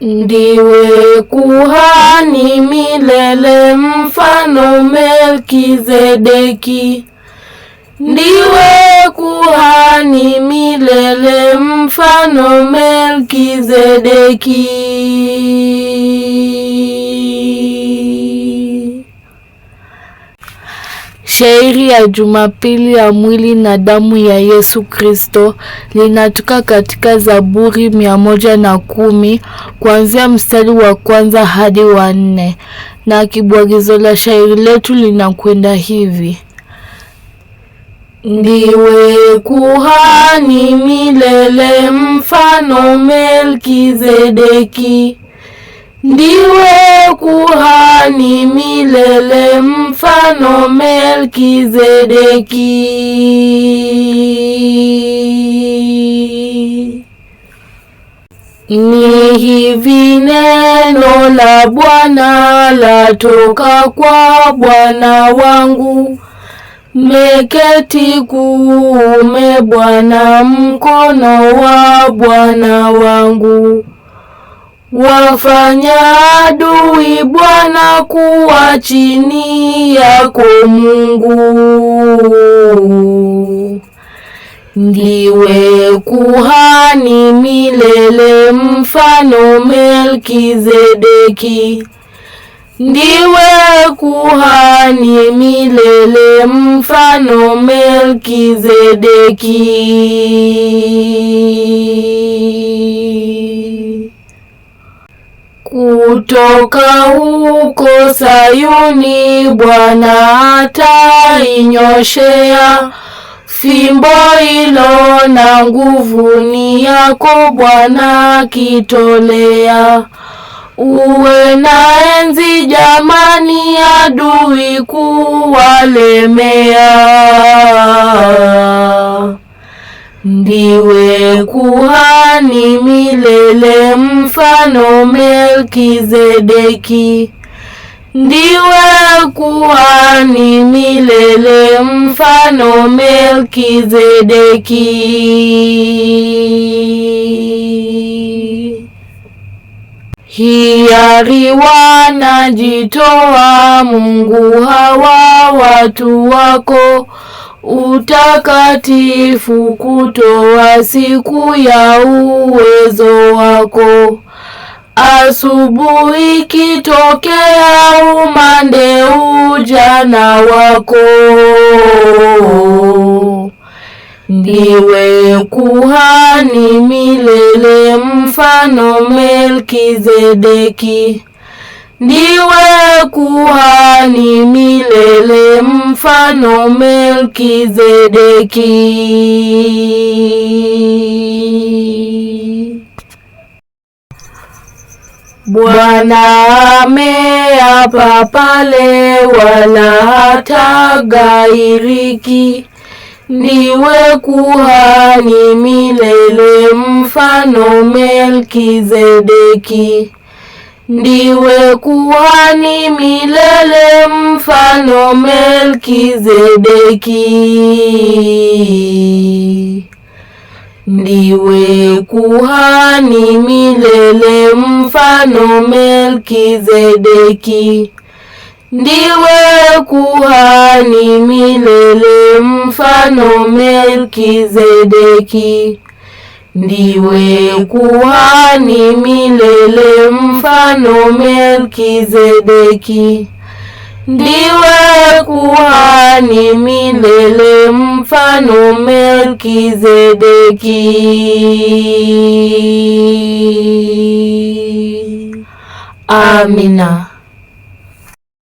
Ndiwe kuhani milele, mfano Melkizedeki. Ndiwe kuhani milele, mfano Melkizedeki. Shairi ya Jumapili ya Mwili na Damu ya Yesu Kristo linatoka katika Zaburi mia moja na kumi kuanzia mstari wa kwanza hadi wa nne, na kibwagizo la shairi letu linakwenda hivi: Ndiwe kuhani milele, mfano Melkizedeki Ndiwe kuhani milele, mfano Melkizedeki. Ni hivi neno la Bwana latoka kwa Bwana wangu, meketi kuume Bwana, mkono wa Bwana wangu Wafanya adui Bwana kuwa chini yako Mungu, ndiwe kuhani milele, mfano Melkizedeki. Ndiwe kuhani milele, mfano Melkizedeki. Kutoka huko Sayuni Bwana atainyoshea, fimbo ilo na nguvu ni yako Bwana akitolea Uwe na enzi jamani, adui kuwalemea. Ndiwe kuhani milele, mfano Melkizedeki. Ndiwe kuhani milele, mfano Melkizedeki. Hiari wanajitoa, Mungu hawa watu wako utakatifu kutoa siku ya uwezo wako. Asubuhi kitokea umande ujana wako. Ndiwe kuhani milele, mfano Melkizedeki. Ndiwe kuhani milele, mfano Melkizedeki. Bwana ameapa pale, wala hatagairiki. Ndiwe kuhani milele, mfano Melkizedeki. Ndiwe kuhani milele, mfano Melkizedeki. Ndiwe kuhani milele, mfano Melkizedeki. Ndiwe kuhani milele, mfano Melkizedeki. Ndiwe kuhani milele, mfano Melkizedeki. Ndiwe kuhani milele, mfano Melkizedeki. Amina.